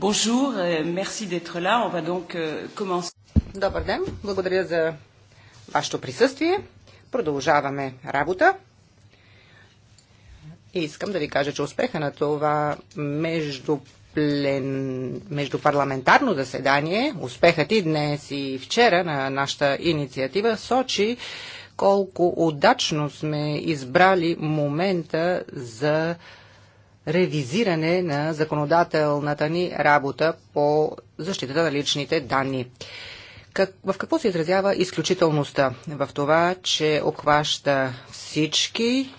Bonjour, euh, merci d'être là. On va donc euh, commencer. Добър ден, благодаря за вашето присъствие. Продължаваме работа. И искам да ви кажа, че успеха на това между плен, междупарламентарно заседание, успехът и днес и вчера на нашата инициатива сочи колко удачно сме избрали момента за ревизиране на законодателната ни работа по защитата на личните данни. Как, в какво се изразява изключителността? В това, че обхваща всички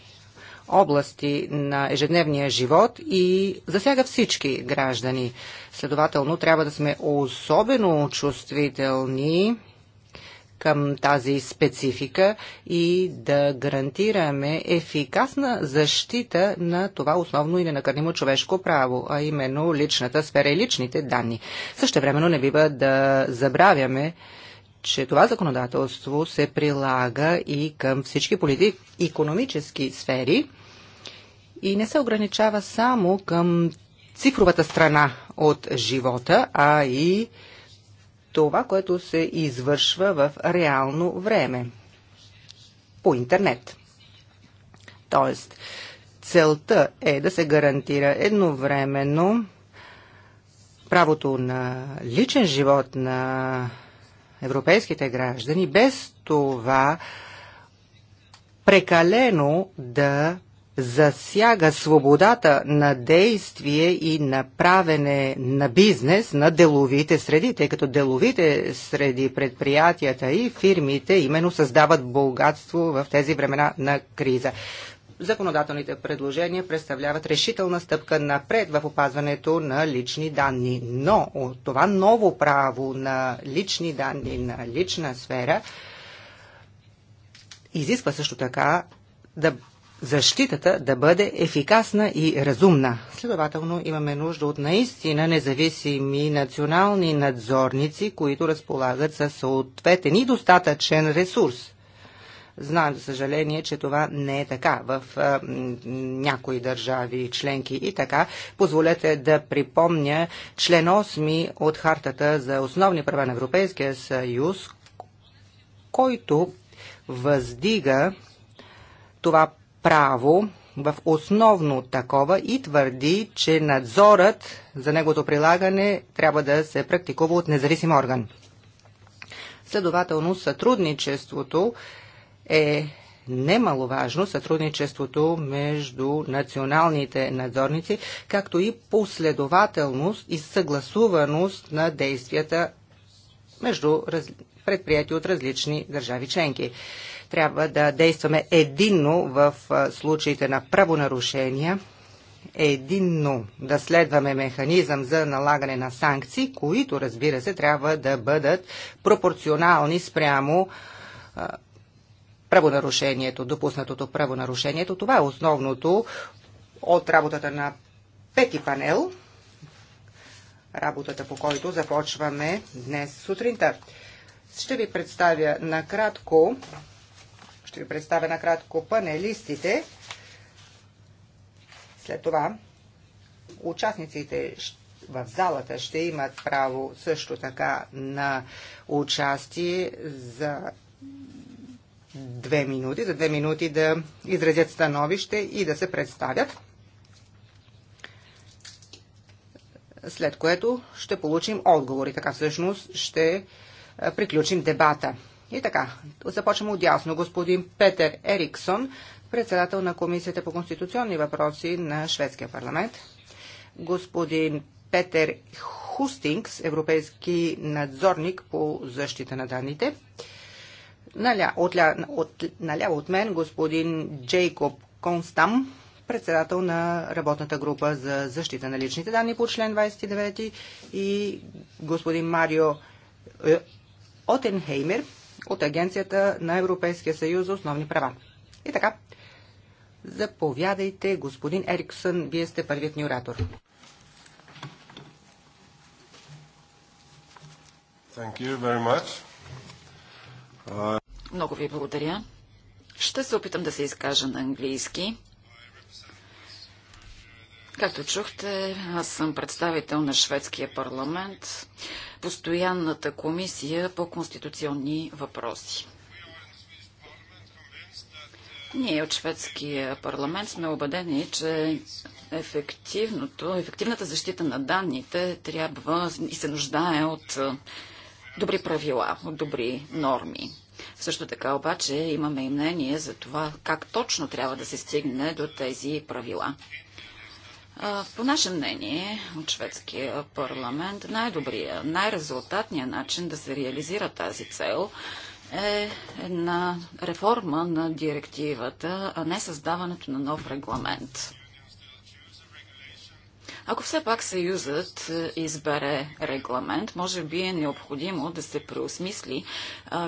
области на ежедневния живот и засяга всички граждани. Следователно, трябва да сме особено чувствителни към тази специфика и да гарантираме ефикасна защита на това основно и ненакърнимо човешко право, а именно личната сфера и личните данни. Също времено не бива да забравяме, че това законодателство се прилага и към всички политики, економически сфери и не се ограничава само към цифровата страна от живота, а и това, което се извършва в реално време по интернет. Тоест, целта е да се гарантира едновременно правото на личен живот на европейските граждани, без това прекалено да засяга свободата на действие и на правене на бизнес на деловите среди, тъй като деловите среди, предприятията и фирмите именно създават богатство в тези времена на криза. Законодателните предложения представляват решителна стъпка напред в опазването на лични данни, но от това ново право на лични данни, на лична сфера, изисква също така да защитата да бъде ефикасна и разумна. Следователно имаме нужда от наистина независими национални надзорници, които разполагат със съответен и достатъчен ресурс. Знам, за съжаление, че това не е така в а, някои държави членки и така. Позволете да припомня член 8 от Хартата за основни права на Европейския съюз, който въздига това право в основно такова и твърди, че надзорът за неговото прилагане трябва да се практикува от независим орган. Следователно, сътрудничеството е немаловажно, сътрудничеството между националните надзорници, както и последователност и съгласуваност на действията между предприятия от различни държави членки. Трябва да действаме единно в случаите на правонарушения, единно да следваме механизъм за налагане на санкции, които, разбира се, трябва да бъдат пропорционални спрямо правонарушението, допуснатото правонарушението. Това е основното от работата на пети панел, работата по който започваме днес сутринта. Ще ви представя накратко ще ви представя накратко панелистите. След това участниците в залата ще имат право също така на участие за две минути, за две минути да изразят становище и да се представят. След което ще получим отговори. Така всъщност ще приключим дебата. И така, започваме от ясно. Господин Петер Ериксон, председател на Комисията по конституционни въпроси на Шведския парламент. Господин Петер Хустингс, европейски надзорник по защита на данните. Наля, отля, от, наляво от мен господин Джейкоб Констам, председател на работната група за защита на личните данни по член 29 и господин Марио е, Отенхеймер, от Агенцията на Европейския съюз за основни права. И така, заповядайте, господин Ериксън, вие сте първият ни оратор. Много ви благодаря. Ще се опитам да се изкажа на английски. Както чухте, аз съм представител на шведския парламент, постоянната комисия по конституционни въпроси. Ние от шведския парламент сме убедени, че ефективното, ефективната защита на данните трябва и се нуждае от добри правила, от добри норми. Също така обаче имаме и мнение за това как точно трябва да се стигне до тези правила. По наше мнение, от шведския парламент, най-добрият, най-резултатният начин да се реализира тази цел е една реформа на директивата, а не създаването на нов регламент. Ако все пак Съюзът е, избере регламент, може би е необходимо да се преосмисли е,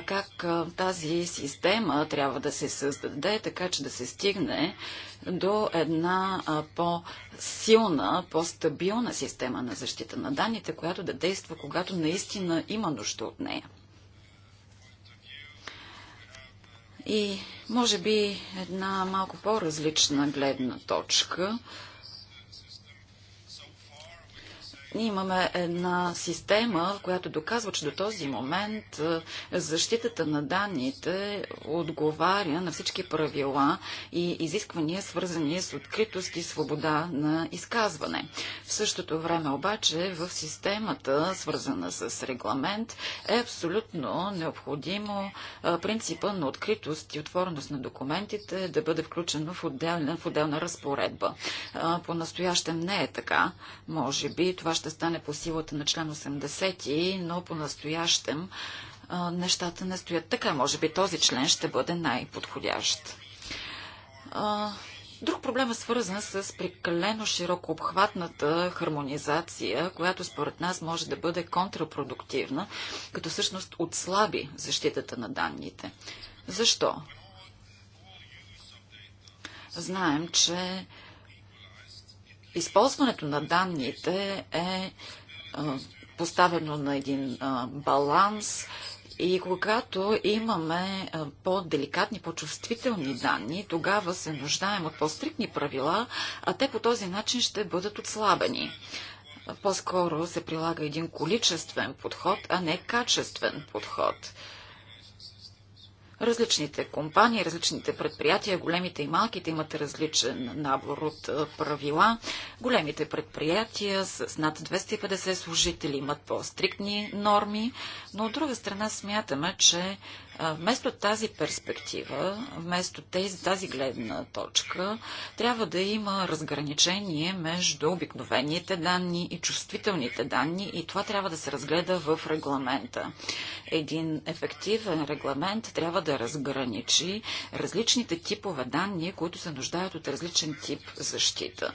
как е, тази система трябва да се създаде, така че да се стигне до една по-силна, по-стабилна система на защита на данните, която да действа, когато наистина има нужда от нея. И може би една малко по-различна гледна точка – ние имаме една система, която доказва, че до този момент е, защитата на данните отговаря на всички правила и изисквания, свързани с откритост и свобода на изказване. В същото време обаче в системата, свързана с регламент, е абсолютно необходимо е, принципа на откритост и отвореност на документите да бъде включено в отделна, в отделна разпоредба. Е, по-настоящем не е така. Може би това ще ще стане по силата на член 80, но по-настоящем нещата не стоят така. Може би този член ще бъде най-подходящ. Друг проблем е свързан с прекалено широко обхватната хармонизация, която според нас може да бъде контрапродуктивна, като всъщност отслаби защитата на данните. Защо? Знаем, че Използването на данните е поставено на един баланс и когато имаме по-деликатни, по-чувствителни данни, тогава се нуждаем от по-стрикни правила, а те по този начин ще бъдат отслабени. По-скоро се прилага един количествен подход, а не качествен подход. Различните компании, различните предприятия, големите и малките имат различен набор от правила. Големите предприятия с над 250 служители имат по-стриктни норми, но от друга страна смятаме, че Вместо тази перспектива, вместо тези, тази гледна точка, трябва да има разграничение между обикновените данни и чувствителните данни и това трябва да се разгледа в регламента. Един ефективен регламент трябва да разграничи различните типове данни, които се нуждаят от различен тип защита.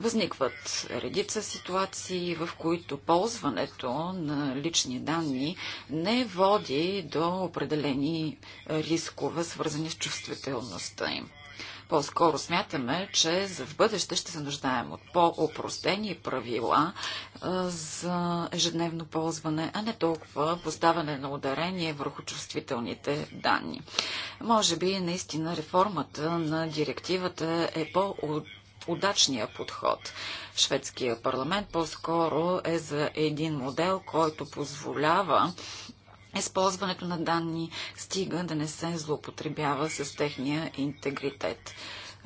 Възникват редица ситуации, в които ползването на лични данни не води до определени рискове, свързани с чувствителността им. По-скоро смятаме, че за в бъдеще ще се нуждаем от по-опростени правила за ежедневно ползване, а не толкова поставяне на ударение върху чувствителните данни. Може би наистина реформата на директивата е по удачния подход. Шведския парламент по-скоро е за един модел, който позволява използването на данни, стига да не се злоупотребява с техния интегритет.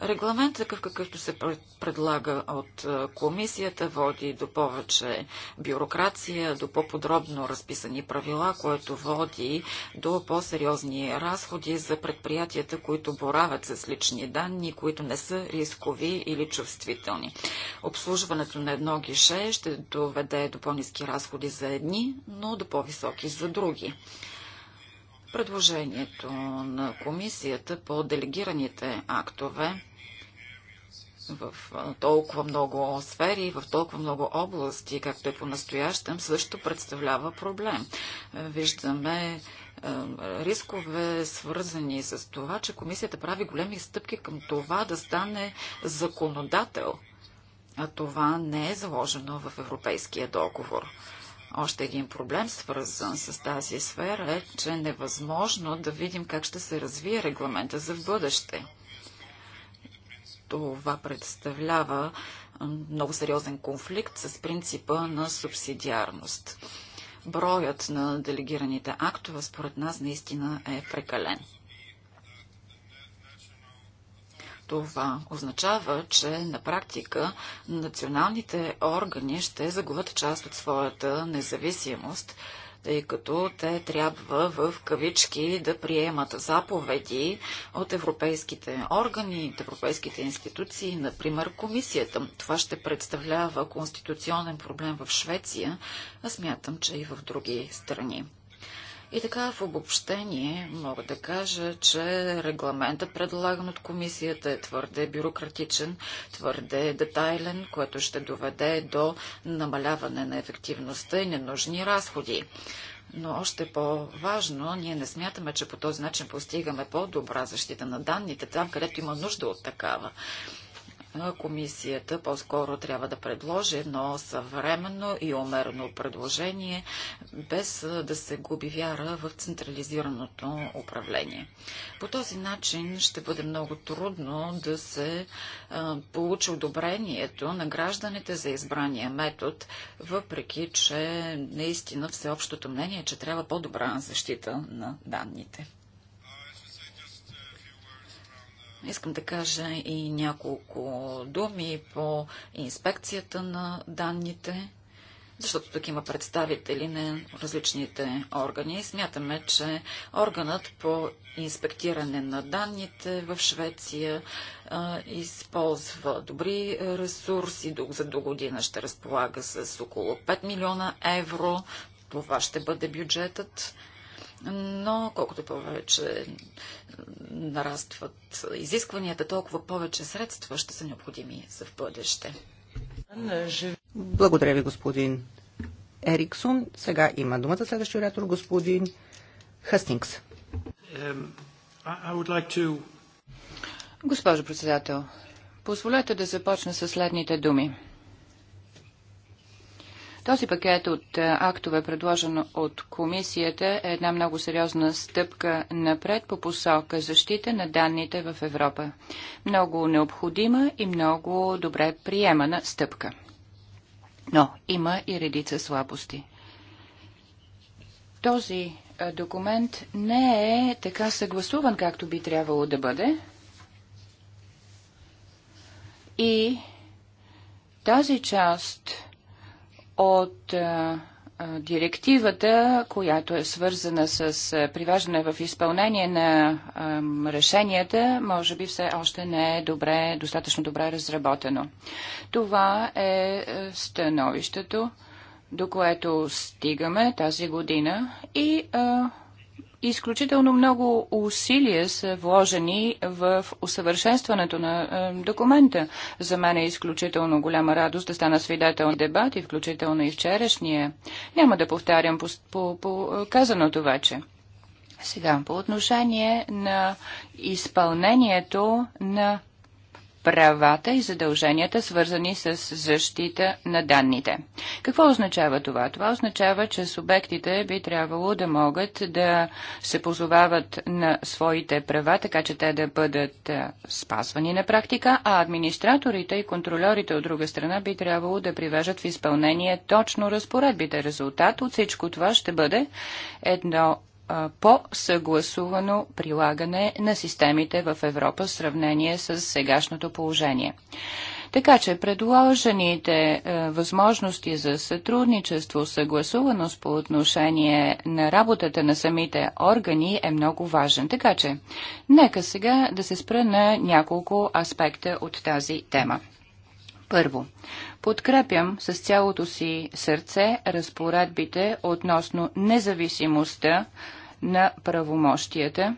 Регламент, такъв какъвто се предлага от комисията, води до повече бюрокрация, до по-подробно разписани правила, което води до по-сериозни разходи за предприятията, които борават с лични данни, които не са рискови или чувствителни. Обслужването на едно гише ще доведе до по-низки разходи за едни, но до по-високи за други. Предложението на комисията по делегираните актове в толкова много сфери, в толкова много области, както е по-настоящем, също представлява проблем. Е, виждаме е, рискове, свързани с това, че комисията прави големи стъпки към това да стане законодател. А това не е заложено в Европейския договор. Още един проблем, свързан с тази сфера, е, че е невъзможно да видим как ще се развие регламента за в бъдеще. Това представлява много сериозен конфликт с принципа на субсидиарност. Броят на делегираните актове, според нас, наистина е прекален. Това означава, че на практика националните органи ще загубят част от своята независимост, тъй като те трябва в кавички да приемат заповеди от европейските органи, от европейските институции, например комисията. Това ще представлява конституционен проблем в Швеция, а смятам, че и в други страни. И така в обобщение мога да кажа, че регламента, предлаган от комисията, е твърде бюрократичен, твърде детайлен, което ще доведе до намаляване на ефективността и ненужни разходи. Но още по-важно, ние не смятаме, че по този начин постигаме по-добра защита на данните там, където има нужда от такава. Комисията по-скоро трябва да предложи едно съвременно и умерено предложение, без да се губи вяра в централизираното управление. По този начин ще бъде много трудно да се получи одобрението на гражданите за избрания метод, въпреки че наистина всеобщото мнение е, че трябва по-добра защита на данните. Искам да кажа и няколко думи по инспекцията на данните, защото тук има представители на различните органи. Смятаме, че органът по инспектиране на данните в Швеция а, използва добри ресурси. За до година ще разполага с около 5 милиона евро. Това ще бъде бюджетът но колкото повече нарастват изискванията, толкова повече средства ще са необходими за в бъдеще. Благодаря ви, господин Ериксон. Сега има думата следващия оратор, господин Хъстингс. Госпожо председател, позволете да започна с следните думи. Този пакет от е, актове, предложен от комисията, е една много сериозна стъпка напред по посока защита на данните в Европа. Много необходима и много добре приемана стъпка. Но има и редица слабости. Този е, документ не е така съгласуван, както би трябвало да бъде. И тази част от директивата, която е свързана с привеждане в изпълнение на решенията, може би все още не е добре, достатъчно добре разработено. Това е, е становището, до което стигаме тази година и изключително много усилия са вложени в усъвършенстването на е, документа. За мен е изключително голяма радост да стана свидетел на дебати, включително и вчерашния. Няма да повтарям по, по, по е, казаното вече. Сега, по отношение на изпълнението на правата и задълженията, свързани с защита на данните. Какво означава това? Това означава, че субектите би трябвало да могат да се позовават на своите права, така че те да бъдат спазвани на практика, а администраторите и контролерите от друга страна би трябвало да привежат в изпълнение точно разпоредбите. Резултат от всичко това ще бъде едно по-съгласувано прилагане на системите в Европа в сравнение с сегашното положение. Така че предложените възможности за сътрудничество, съгласуваност по отношение на работата на самите органи е много важен. Така че, нека сега да се спра на няколко аспекта от тази тема. Първо, подкрепям с цялото си сърце разпоредбите относно независимостта на правомощията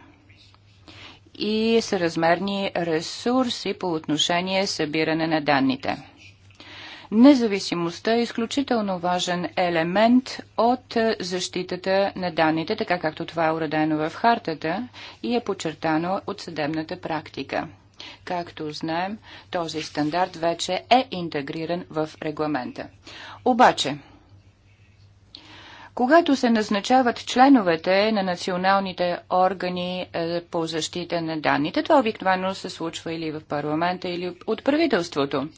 и съразмерни ресурси по отношение събиране на данните. Независимостта е изключително важен елемент от защитата на данните, така както това е уредено в хартата и е подчертано от съдебната практика. Както знаем, този стандарт вече е интегриран в регламента. Обаче, когато се назначават членовете на националните органи е, по защита на данните, това обикновено се случва или в парламента, или от правителството.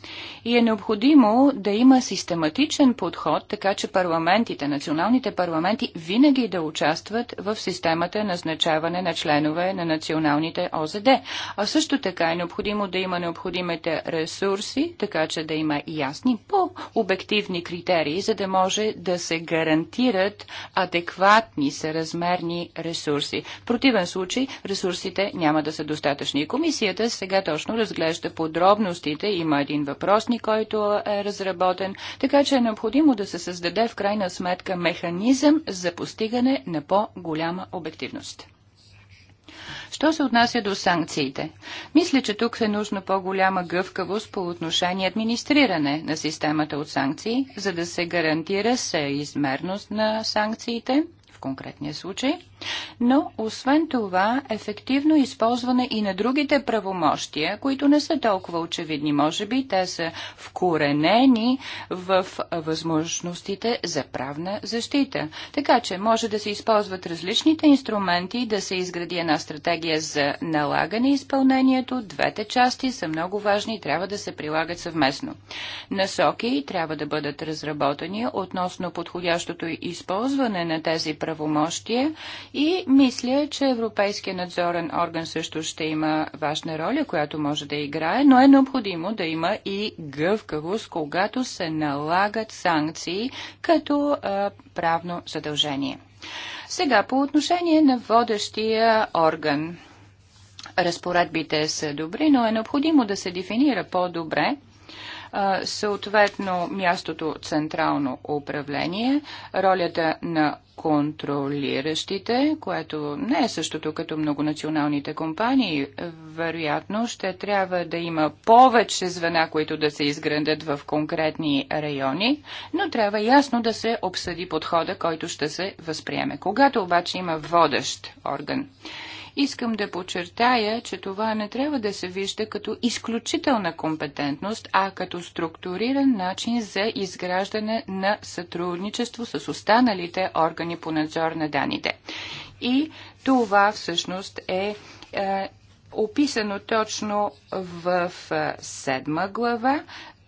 И е необходимо да има систематичен подход, така че парламентите, националните парламенти винаги да участват в системата назначаване на членове на националните ОЗД. А също така е необходимо да има необходимите ресурси, така че да има ясни по-обективни критерии, за да може да се гарантира получат адекватни съразмерни ресурси. В противен случай ресурсите няма да са достатъчни. И комисията сега точно разглежда подробностите. Има един въпросник, който е разработен, така че е необходимо да се създаде в крайна сметка механизъм за постигане на по-голяма обективност. Що се отнася до санкциите? Мисля, че тук е нужно по-голяма гъвкавост по отношение администриране на системата от санкции, за да се гарантира съизмерност на санкциите в конкретния случай, но освен това ефективно използване и на другите правомощия, които не са толкова очевидни. Може би те са вкоренени в възможностите за правна защита. Така че може да се използват различните инструменти, да се изгради една стратегия за налагане и изпълнението. Двете части са много важни и трябва да се прилагат съвместно. Насоки трябва да бъдат разработени относно подходящото използване на тези правомощия и мисля, че Европейския надзорен орган също ще има важна роля, която може да играе, но е необходимо да има и гъвкавост, когато се налагат санкции като а, правно задължение. Сега по отношение на водещия орган. Разпоредбите са добри, но е необходимо да се дефинира по-добре съответно мястото централно управление, ролята на контролиращите, което не е същото като многонационалните компании, вероятно ще трябва да има повече звена, които да се изградят в конкретни райони, но трябва ясно да се обсъди подхода, който ще се възприеме. Когато обаче има водещ орган, Искам да подчертая, че това не трябва да се вижда като изключителна компетентност, а като структуриран начин за изграждане на сътрудничество с останалите органи по надзор на данните. И това всъщност е, е описано точно в е, седма глава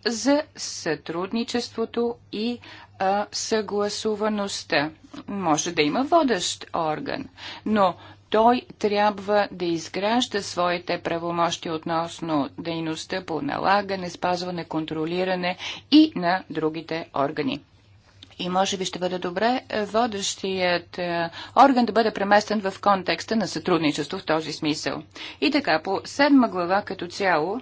за сътрудничеството и е, съгласуваността. Може да има водещ орган, но той трябва да изгражда своите правомощи относно дейността по налагане, спазване, контролиране и на другите органи. И може би ще бъде добре е, водещият е, орган да бъде преместен в контекста на сътрудничество в този смисъл. И така, по седма глава като цяло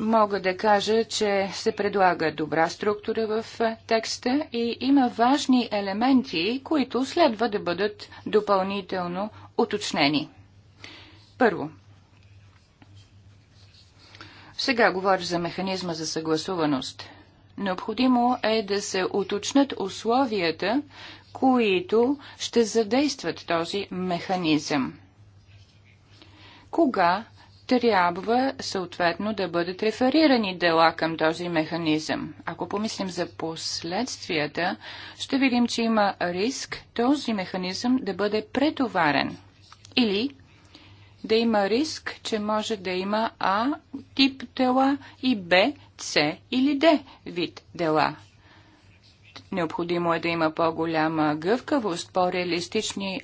мога да кажа, че се предлага добра структура в е, текста и има важни елементи, които следва да бъдат допълнително уточнени. Първо, сега говоря за механизма за съгласуваност. Необходимо е да се уточнят условията, които ще задействат този механизъм. Кога трябва съответно да бъдат реферирани дела към този механизъм. Ако помислим за последствията, ще видим, че има риск този механизъм да бъде претоварен или да има риск, че може да има А тип дела и Б, С или Д вид дела. Необходимо е да има по-голяма гъвкавост, по-реалистични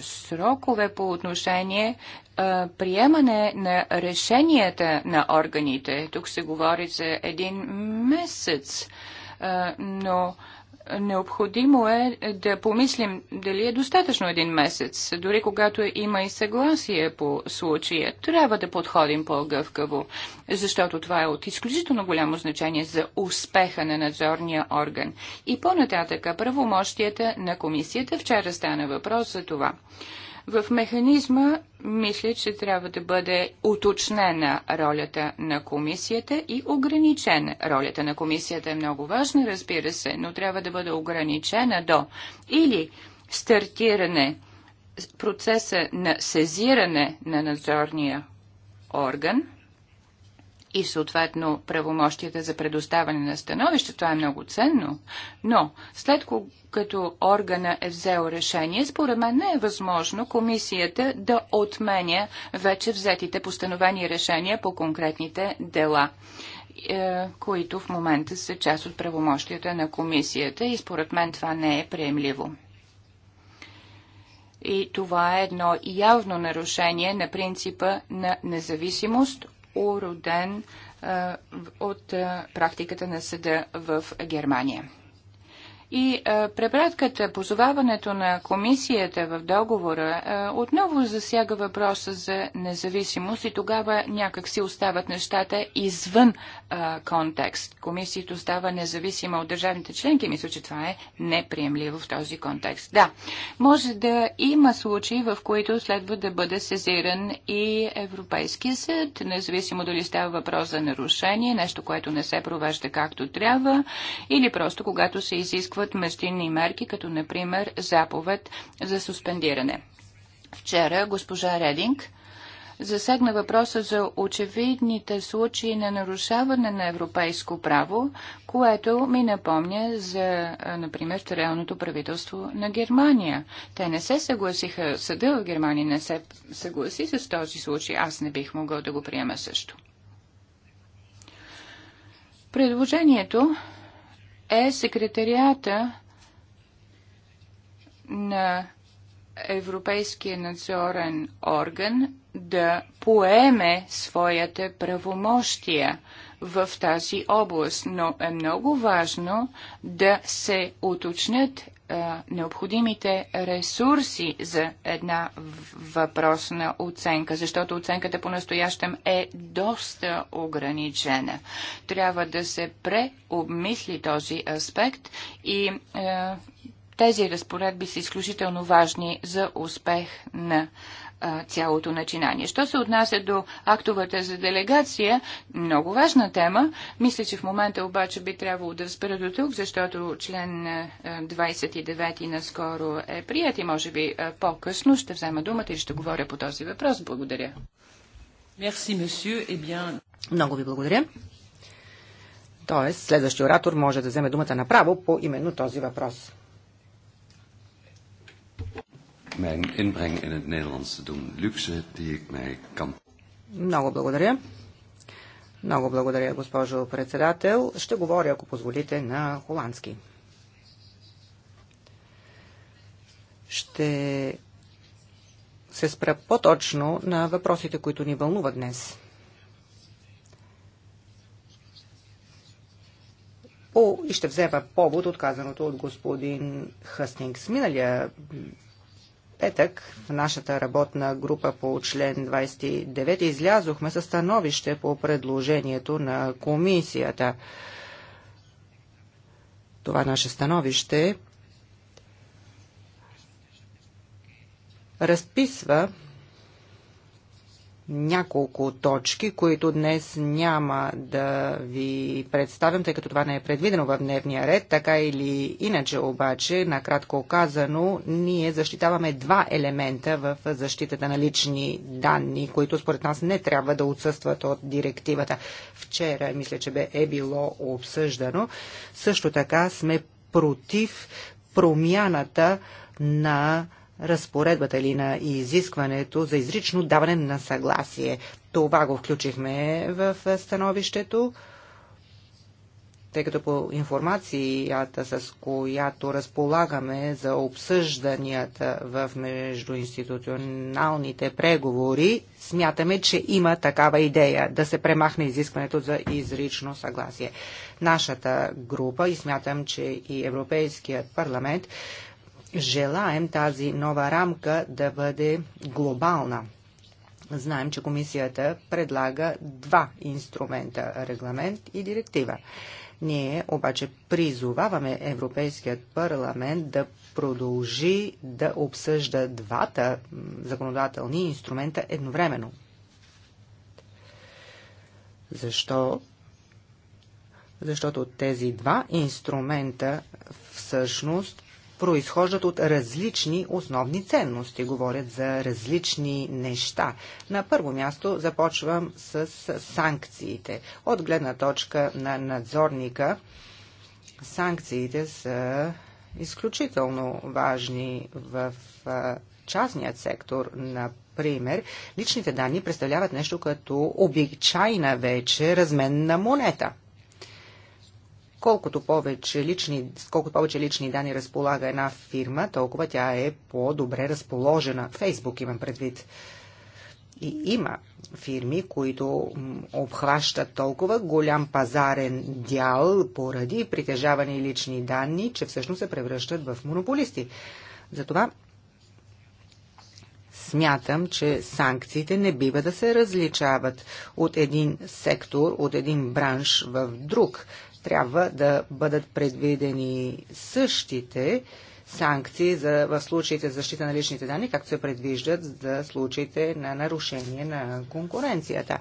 срокове по отношение а, приемане на решенията на органите. Тук се говори за един месец, а, но Необходимо е да помислим дали е достатъчно един месец, дори когато има и съгласие по случая. Трябва да подходим по-гъвкаво, защото това е от изключително голямо значение за успеха на надзорния орган. И по-нататъка правомощията на комисията вчера стана въпрос за това. В механизма мисля, че трябва да бъде уточнена ролята на комисията и ограничена. Ролята на комисията е много важна, разбира се, но трябва да бъде ограничена до или стартиране процеса на сезиране на надзорния орган – и съответно правомощията за предоставяне на становище. Това е много ценно. Но след като органа е взел решение, според мен не е възможно комисията да отменя вече взетите постановени решения по конкретните дела е, които в момента са част от правомощията на комисията и според мен това не е приемливо. И това е едно явно нарушение на принципа на независимост, уроден от практиката на съда в Германия. И а, е, препратката, позоваването на комисията в договора а, е, отново засяга въпроса за независимост и тогава някак си остават нещата извън а, е, контекст. Комисията става независима от държавните членки. Мисля, че това е неприемливо в този контекст. Да, може да има случаи, в които следва да бъде сезиран и Европейския съд, независимо дали става въпрос за нарушение, нещо, което не се провежда както трябва, или просто когато се изисква действат междинни мерки, като например заповед за суспендиране. Вчера госпожа Рединг засегна въпроса за очевидните случаи на нарушаване на европейско право, което ми напомня за, например, реалното правителство на Германия. Те не се съгласиха, съда в Германия не се съгласи с този случай. Аз не бих могъл да го приема също. Предложението е секретарията на Европейския надзорен орган да поеме своите правомощия в тази област, но е много важно да се уточнят е, необходимите ресурси за една въпросна оценка, защото оценката по-настоящем е доста ограничена. Трябва да се преобмисли този аспект и е, тези разпоредби са изключително важни за успех на цялото начинание. Що се отнася до актовата за делегация, много важна тема. Мисля, че в момента обаче би трябвало да спра до тук, защото член 29 наскоро е прият и може би по-късно ще взема думата и ще говоря по този въпрос. Благодаря. Merci, monsieur. Eh bien... Много ви благодаря. Тоест, следващия оратор може да вземе думата направо по именно този въпрос mijn inbreng in het Nederlands te doen. Luxe die ik mij kan. Много благодаря. Много благодаря, госпожо председател. Ще говоря, ако позволите, на холандски. Ще се спра по-точно на въпросите, които ни вълнуват днес. О, и ще взема повод отказаното от господин Хъстингс. Миналия петък в нашата работна група по член 29 излязохме със становище по предложението на комисията. Това наше становище разписва няколко точки, които днес няма да ви представям, тъй като това не е предвидено в дневния ред. Така или иначе обаче, накратко казано, ние защитаваме два елемента в защитата на лични данни, които според нас не трябва да отсъстват от директивата. Вчера, мисля, че бе е било обсъждано. Също така сме против промяната на разпоредбата или на изискването за изрично даване на съгласие. Това го включихме в становището, тъй като по информацията, с която разполагаме за обсъжданията в междуинституционалните преговори, смятаме, че има такава идея да се премахне изискването за изрично съгласие. Нашата група и смятам, че и Европейският парламент желаем тази нова рамка да бъде глобална. Знаем, че комисията предлага два инструмента – регламент и директива. Ние обаче призоваваме Европейският парламент да продължи да обсъжда двата законодателни инструмента едновременно. Защо? Защото тези два инструмента всъщност произхождат от различни основни ценности, говорят за различни неща. На първо място започвам с санкциите. От гледна точка на надзорника, санкциите са изключително важни в частният сектор, например, личните данни представляват нещо като обичайна вече разменна монета. Колкото повече лични, колкото повече лични данни разполага една фирма, толкова тя е по-добре разположена. Фейсбук имам предвид. И има фирми, които обхващат толкова голям пазарен дял поради притежавани лични данни, че всъщност се превръщат в монополисти. Затова смятам, че санкциите не бива да се различават от един сектор, от един бранш в друг трябва да бъдат предвидени същите санкции за, в случаите за защита на личните данни, както се предвиждат за случаите на нарушение на конкуренцията.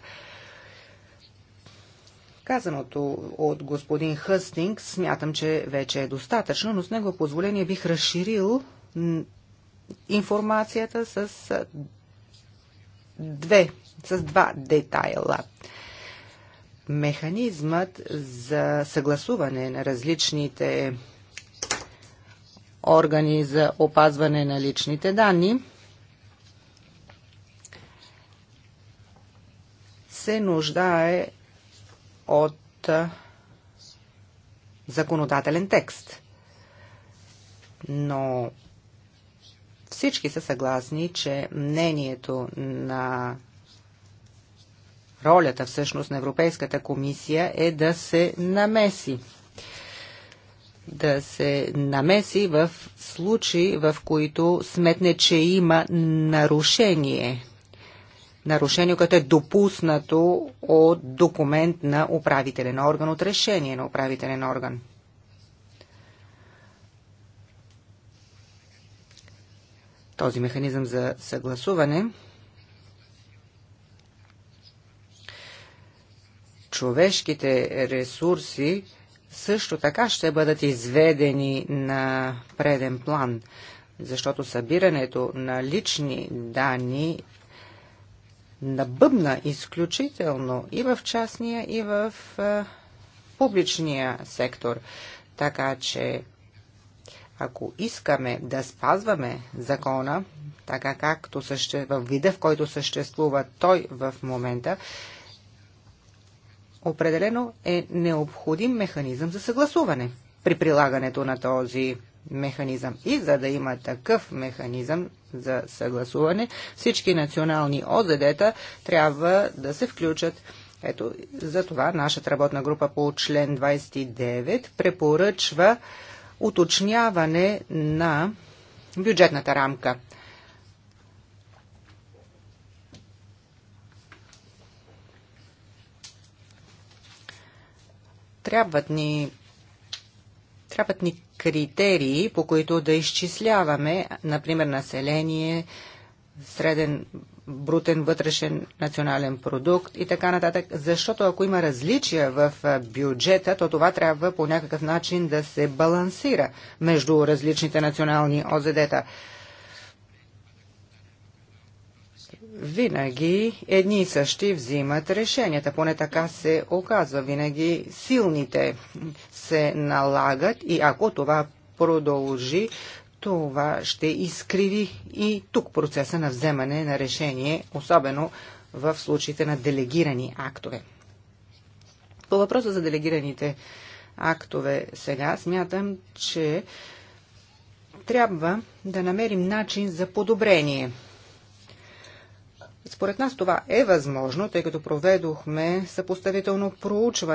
Казаното от господин Хъстинг смятам, че вече е достатъчно, но с него позволение бих разширил информацията с две, с два детайла механизмът за съгласуване на различните органи за опазване на личните данни се нуждае от законодателен текст. Но всички са съгласни, че мнението на Ролята всъщност на Европейската комисия е да се намеси да се намеси в случаи, в които сметне, че има нарушение. Нарушение, което е допуснато от документ на управителен орган, от решение на управителен орган. Този механизъм за съгласуване – човешките ресурси също така ще бъдат изведени на преден план, защото събирането на лични данни набъбна изключително и в частния, и в публичния сектор. Така че, ако искаме да спазваме закона, така както съще... в вида, в който съществува той в момента, определено е необходим механизъм за съгласуване при прилагането на този механизъм. И за да има такъв механизъм за съгласуване, всички национални ОЗД-та трябва да се включат. Ето, за това нашата работна група по член 29 препоръчва уточняване на бюджетната рамка. Трябват ни, трябват ни критерии, по които да изчисляваме, например, население, среден брутен вътрешен национален продукт и така нататък, защото ако има различия в бюджета, то това трябва по някакъв начин да се балансира между различните национални ОЗД-та. винаги едни и същи взимат решенията. Поне така се оказва. Винаги силните се налагат и ако това продължи, това ще изкриви и тук процеса на вземане на решение, особено в случаите на делегирани актове. По въпроса за делегираните актове сега, смятам, че трябва да намерим начин за подобрение – според нас това е възможно, тъй като проведохме съпоставително проучване